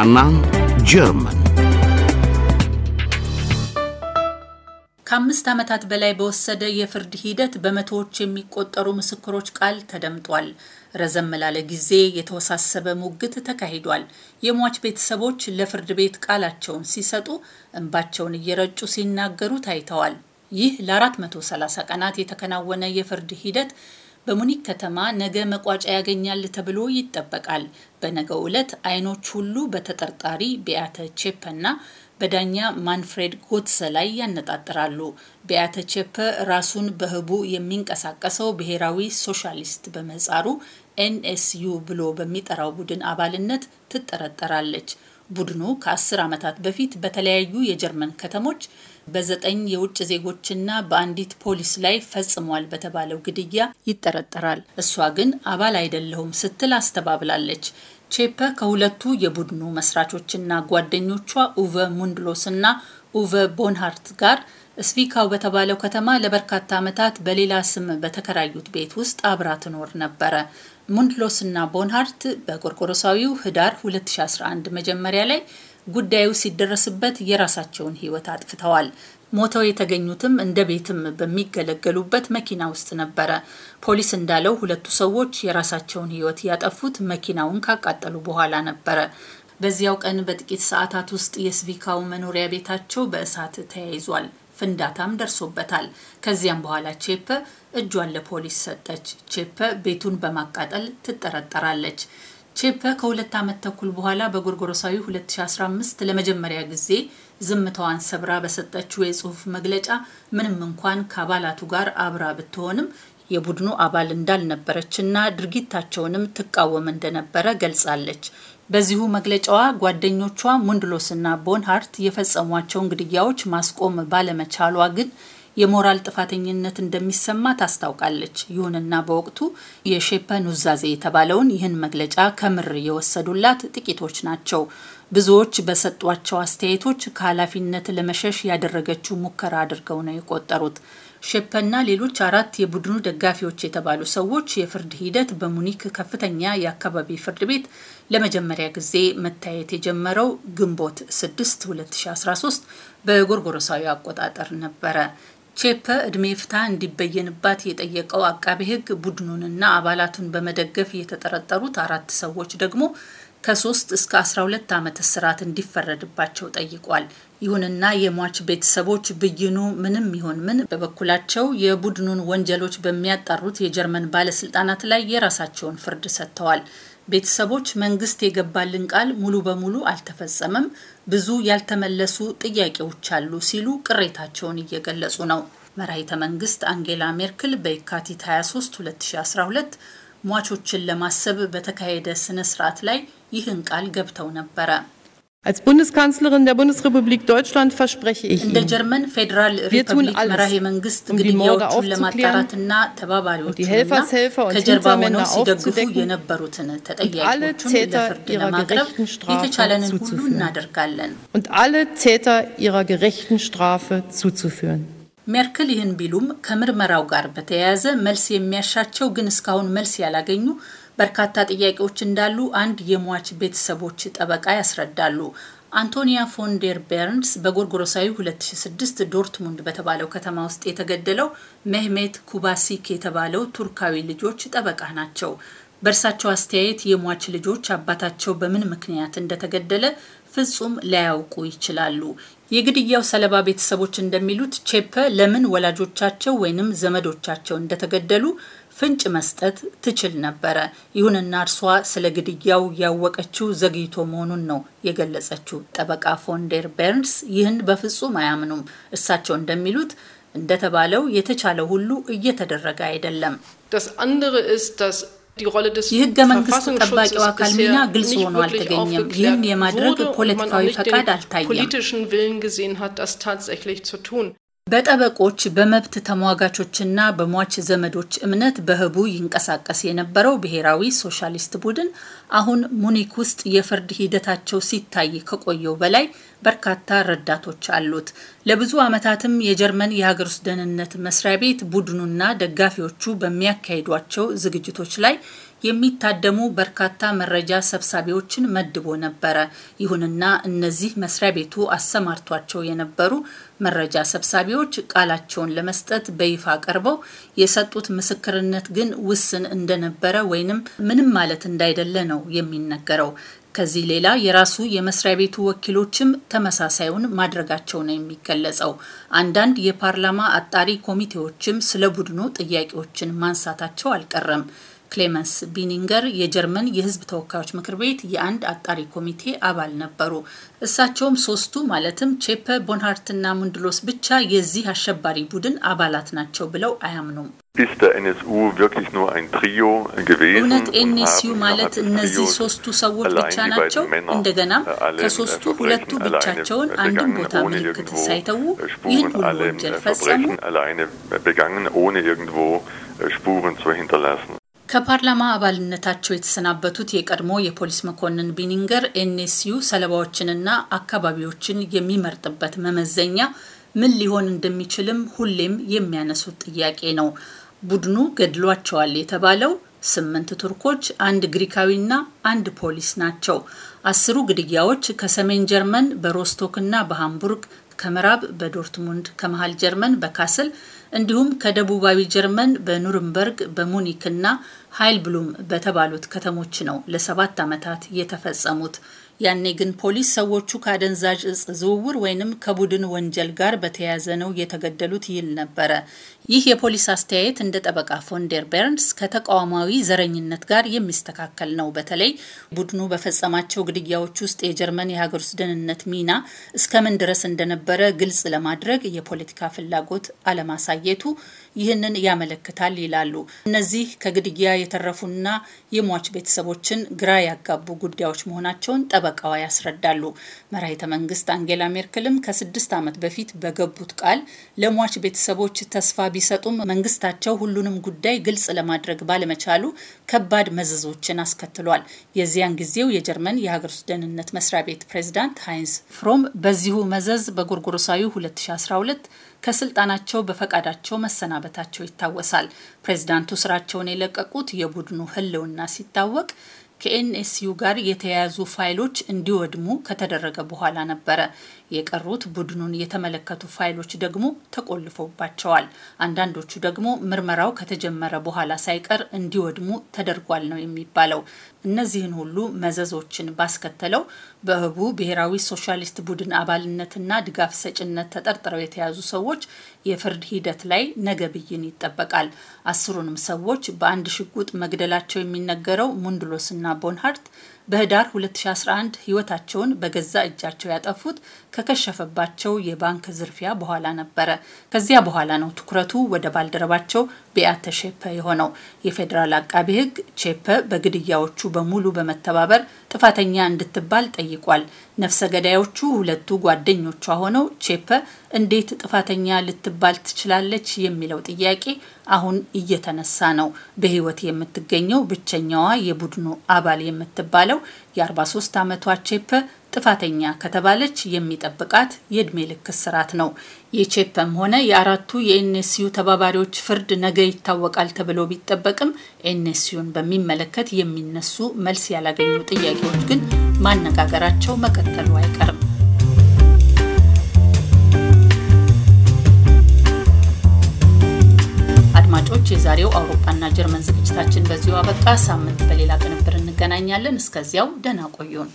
አውሮፓና ጀርመን ከአምስት ዓመታት በላይ በወሰደ የፍርድ ሂደት በመቶዎች የሚቆጠሩ ምስክሮች ቃል ተደምጧል። ረዘም ላለ ጊዜ የተወሳሰበ ሙግት ተካሂዷል። የሟች ቤተሰቦች ለፍርድ ቤት ቃላቸውን ሲሰጡ እንባቸውን እየረጩ ሲናገሩ ታይተዋል። ይህ ለ430 ቀናት የተከናወነ የፍርድ ሂደት በሙኒክ ከተማ ነገ መቋጫ ያገኛል ተብሎ ይጠበቃል። በነገው ዕለት አይኖች ሁሉ በተጠርጣሪ ቢያተ ቼፐ በዳኛ ማንፍሬድ ጎትሰ ላይ ያነጣጥራሉ። ቢያተ ቼፐ ራሱን በህቡ የሚንቀሳቀሰው ብሔራዊ ሶሻሊስት በመጻሩ ኤንኤስዩ ብሎ በሚጠራው ቡድን አባልነት ትጠረጠራለች። ቡድኑ ከአስር ዓመታት በፊት በተለያዩ የጀርመን ከተሞች በዘጠኝ የውጭ ዜጎችና በአንዲት ፖሊስ ላይ ፈጽሟል በተባለው ግድያ ይጠረጠራል። እሷ ግን አባል አይደለሁም ስትል አስተባብላለች። ቼፐ ከሁለቱ የቡድኑ መስራቾችና ጓደኞቿ ኡቨ ሙንድሎስና ኡቨ ቦንሃርት ጋር ስቪካው በተባለው ከተማ ለበርካታ ዓመታት በሌላ ስም በተከራዩት ቤት ውስጥ አብራ ትኖር ነበረ። ሙንድሎስና ቦንሃርት በጎርጎሮሳዊው ህዳር 2011 መጀመሪያ ላይ ጉዳዩ ሲደረስበት የራሳቸውን ህይወት አጥፍተዋል። ሞተው የተገኙትም እንደ ቤትም በሚገለገሉበት መኪና ውስጥ ነበረ። ፖሊስ እንዳለው ሁለቱ ሰዎች የራሳቸውን ህይወት ያጠፉት መኪናውን ካቃጠሉ በኋላ ነበረ። በዚያው ቀን በጥቂት ሰዓታት ውስጥ የስቪካው መኖሪያ ቤታቸው በእሳት ተያይዟል። ፍንዳታም ደርሶበታል። ከዚያም በኋላ ቼፕ እጇን ለፖሊስ ሰጠች። ቼፕ ቤቱን በማቃጠል ትጠረጠራለች። ቼፐ ከሁለት ዓመት ተኩል በኋላ በጎርጎሮሳዊ 2015 ለመጀመሪያ ጊዜ ዝምታዋን ሰብራ በሰጠችው የጽሑፍ መግለጫ ምንም እንኳን ከአባላቱ ጋር አብራ ብትሆንም የቡድኑ አባል እንዳልነበረችና ድርጊታቸውንም ትቃወም እንደነበረ ገልጻለች። በዚሁ መግለጫዋ ጓደኞቿ ሙንድሎስና ቦንሃርት የፈጸሟቸውን ግድያዎች ማስቆም ባለመቻሏ ግን የሞራል ጥፋተኝነት እንደሚሰማ ታስታውቃለች። ይሁንና በወቅቱ የሼፐ ኑዛዜ የተባለውን ይህን መግለጫ ከምር የወሰዱላት ጥቂቶች ናቸው። ብዙዎች በሰጧቸው አስተያየቶች ከኃላፊነት ለመሸሽ ያደረገችው ሙከራ አድርገው ነው የቆጠሩት። ሼፐና ሌሎች አራት የቡድኑ ደጋፊዎች የተባሉ ሰዎች የፍርድ ሂደት በሙኒክ ከፍተኛ የአካባቢ ፍርድ ቤት ለመጀመሪያ ጊዜ መታየት የጀመረው ግንቦት 6 2013 በጎርጎሮሳዊ አቆጣጠር ነበረ። ቼፐ እድሜ ፍታ እንዲበየንባት የጠየቀው አቃቤ ሕግ ቡድኑንና አባላቱን በመደገፍ የተጠረጠሩት አራት ሰዎች ደግሞ ከሶስት እስከ 12 ዓመት እስራት እንዲፈረድባቸው ጠይቋል። ይሁንና የሟች ቤተሰቦች ብይኑ ምንም ይሁን ምን በበኩላቸው የቡድኑን ወንጀሎች በሚያጣሩት የጀርመን ባለስልጣናት ላይ የራሳቸውን ፍርድ ሰጥተዋል። ቤተሰቦች መንግስት የገባልን ቃል ሙሉ በሙሉ አልተፈጸመም፣ ብዙ ያልተመለሱ ጥያቄዎች አሉ ሲሉ ቅሬታቸውን እየገለጹ ነው። መራሂተ መንግስት አንጌላ ሜርክል በየካቲት 23 2012 ሟቾችን ለማሰብ በተካሄደ ስነ ስርዓት ላይ ይህን ቃል ገብተው ነበረ። Als Bundeskanzlerin der Bundesrepublik Deutschland verspreche ich Ihnen, wir tun alles, um die Morde aufzuklären und die Helfershelfer und Hintermänner aufzudecken und alle Täter ihrer gerechten Strafe zuzuführen. Und alle Täter ihrer gerechten Strafe zuzuführen. ሜርክል ይህን ቢሉም ከምርመራው ጋር በተያያዘ መልስ የሚያሻቸው ግን እስካሁን መልስ ያላገኙ በርካታ ጥያቄዎች እንዳሉ አንድ የሟች ቤተሰቦች ጠበቃ ያስረዳሉ። አንቶኒያ ፎንዴር በርንስ በጎርጎሮሳዊ 2006 ዶርትሙንድ በተባለው ከተማ ውስጥ የተገደለው ሜህሜት ኩባሲክ የተባለው ቱርካዊ ልጆች ጠበቃ ናቸው። በእርሳቸው አስተያየት የሟች ልጆች አባታቸው በምን ምክንያት እንደተገደለ ፍጹም ሊያውቁ ይችላሉ። የግድያው ሰለባ ቤተሰቦች እንደሚሉት ቼፐ ለምን ወላጆቻቸው ወይንም ዘመዶቻቸው እንደተገደሉ ፍንጭ መስጠት ትችል ነበረ። ይሁንና እርሷ ስለ ግድያው ያወቀችው ዘግይቶ መሆኑን ነው የገለጸችው። ጠበቃ ፎንዴር ቤርንስ ይህን በፍጹም አያምኑም። እሳቸው እንደሚሉት እንደተባለው የተቻለ ሁሉ እየተደረገ አይደለም። የህገ መንግስት ጠባቂው አካል ሚና ግልጽ ሆኖ አልተገኘም። ይህን የማድረግ ፖለቲካዊ ፈቃድ አልታየም። በጠበቆች በመብት ተሟጋቾችና በሟች ዘመዶች እምነት በህቡ ይንቀሳቀስ የነበረው ብሔራዊ ሶሻሊስት ቡድን አሁን ሙኒክ ውስጥ የፍርድ ሂደታቸው ሲታይ ከቆየው በላይ በርካታ ረዳቶች አሉት። ለብዙ ዓመታትም የጀርመን የሀገር ውስጥ ደህንነት መስሪያ ቤት ቡድኑና ደጋፊዎቹ በሚያካሂዷቸው ዝግጅቶች ላይ የሚታደሙ በርካታ መረጃ ሰብሳቢዎችን መድቦ ነበረ። ይሁንና እነዚህ መስሪያ ቤቱ አሰማርቷቸው የነበሩ መረጃ ሰብሳቢዎች ቃላቸውን ለመስጠት በይፋ ቀርበው የሰጡት ምስክርነት ግን ውስን እንደነበረ ወይንም ምንም ማለት እንዳይደለ ነው የሚነገረው። ከዚህ ሌላ የራሱ የመስሪያ ቤቱ ወኪሎችም ተመሳሳዩን ማድረጋቸው ነው የሚገለጸው። አንዳንድ የፓርላማ አጣሪ ኮሚቴዎችም ስለ ቡድኑ ጥያቄዎችን ማንሳታቸው አልቀረም። ክሌመንስ ቢኒንገር የጀርመን የሕዝብ ተወካዮች ምክር ቤት የአንድ አጣሪ ኮሚቴ አባል ነበሩ። እሳቸውም ሶስቱ ማለትም ቼፐ ቦንሃርትና ሙንድሎስ ብቻ የዚህ አሸባሪ ቡድን አባላት ናቸው ብለው አያምኑም። እውነት ኤንኤስዩ ማለት እነዚህ ሶስቱ ሰዎች ብቻ ናቸው? እንደገናም ከሶስቱ ሁለቱ ብቻቸውን አንድም ቦታ ምልክት ሳይተዉ äh, ይህን ሁሉ äh, ወንጀል ፈጸሙ? Äh, ከፓርላማ አባልነታቸው የተሰናበቱት የቀድሞ የፖሊስ መኮንን ቢኒንገር ኤንኤስዩ ሰለባዎችንና አካባቢዎችን የሚመርጥበት መመዘኛ ምን ሊሆን እንደሚችልም ሁሌም የሚያነሱት ጥያቄ ነው። ቡድኑ ገድሏቸዋል የተባለው ስምንት ቱርኮች፣ አንድ ግሪካዊና አንድ ፖሊስ ናቸው። አስሩ ግድያዎች ከሰሜን ጀርመን በሮስቶክና በሃምቡርግ፣ ከምዕራብ በዶርትሙንድ፣ ከመሀል ጀርመን በካስል እንዲሁም ከደቡባዊ ጀርመን በኑርምበርግ በሙኒክና ሀይል ብሉም በተባሉት ከተሞች ነው ለሰባት ዓመታት የተፈጸሙት። ያኔ ግን ፖሊስ ሰዎቹ ከአደንዛዥ እጽ ዝውውር ወይንም ከቡድን ወንጀል ጋር በተያያዘ ነው የተገደሉት ይል ነበረ። ይህ የፖሊስ አስተያየት እንደ ጠበቃ ፎንዴር በርንስ ከተቃዋማዊ ዘረኝነት ጋር የሚስተካከል ነው። በተለይ ቡድኑ በፈጸማቸው ግድያዎች ውስጥ የጀርመን የሀገር ውስጥ ደህንነት ሚና እስከምን ድረስ እንደነበረ ግልጽ ለማድረግ የፖለቲካ ፍላጎት አለማሳየት ማሳየቱ ይህንን ያመለክታል ይላሉ። እነዚህ ከግድያ የተረፉና የሟች ቤተሰቦችን ግራ ያጋቡ ጉዳዮች መሆናቸውን ጠበቃዋ ያስረዳሉ። መራሄተ መንግስት አንጌላ ሜርክልም ከስድስት ዓመት በፊት በገቡት ቃል ለሟች ቤተሰቦች ተስፋ ቢሰጡም መንግስታቸው ሁሉንም ጉዳይ ግልጽ ለማድረግ ባለመቻሉ ከባድ መዘዞችን አስከትሏል። የዚያን ጊዜው የጀርመን የሀገር ውስጥ ደህንነት መስሪያ ቤት ፕሬዚዳንት ሃይንስ ፍሮም በዚሁ መዘዝ በጎርጎሮሳዊ 2012 ከስልጣናቸው በፈቃድ ከፈቃዳቸው መሰናበታቸው ይታወሳል። ፕሬዝዳንቱ ስራቸውን የለቀቁት የቡድኑ ህልውና ሲታወቅ ከኤንኤስዩ ጋር የተያያዙ ፋይሎች እንዲወድሙ ከተደረገ በኋላ ነበረ። የቀሩት ቡድኑን የተመለከቱ ፋይሎች ደግሞ ተቆልፈውባቸዋል። አንዳንዶቹ ደግሞ ምርመራው ከተጀመረ በኋላ ሳይቀር እንዲወድሙ ተደርጓል ነው የሚባለው። እነዚህን ሁሉ መዘዞችን ባስከተለው በህቡ ብሔራዊ ሶሻሊስት ቡድን አባልነትና ድጋፍ ሰጭነት ተጠርጥረው የተያዙ ሰዎች የፍርድ ሂደት ላይ ነገ ብይን ይጠበቃል። አስሩንም ሰዎች በአንድ ሽጉጥ መግደላቸው የሚነገረው ሙንድሎስና ቦንሃርት በህዳር 2011 ህይወታቸውን በገዛ እጃቸው ያጠፉት ከከሸፈባቸው የባንክ ዝርፊያ በኋላ ነበረ። ከዚያ በኋላ ነው ትኩረቱ ወደ ባልደረባቸው ቢያተ ሼፐ የሆነው የፌዴራል አቃቢ ሕግ ቼፐ በግድያዎቹ በሙሉ በመተባበር ጥፋተኛ እንድትባል ጠይቋል። ነፍሰ ገዳዮቹ ሁለቱ ጓደኞቿ ሆነው ቼፐ እንዴት ጥፋተኛ ልትባል ትችላለች የሚለው ጥያቄ አሁን እየተነሳ ነው። በህይወት የምትገኘው ብቸኛዋ የቡድኑ አባል የምትባለው የ43 ዓመቷ ቼፐ ጥፋተኛ ከተባለች የሚጠብቃት የእድሜ ልክ እስራት ነው። የቼፐም ሆነ የአራቱ የኤንኤስዩ ተባባሪዎች ፍርድ ነገ ይታወቃል ተብሎ ቢጠበቅም ኤንኤስዩን በሚመለከት የሚነሱ መልስ ያላገኙ ጥያቄዎች ግን ማነጋገራቸው መቀጠሉ አይቀርም። አድማጮች፣ የዛሬው አውሮፓና ጀርመን ዝግጅታችን በዚሁ አበቃ። ሳምንት በሌላ ቅንብር እንገናኛለን። እስከዚያው ደህና ቆዩን።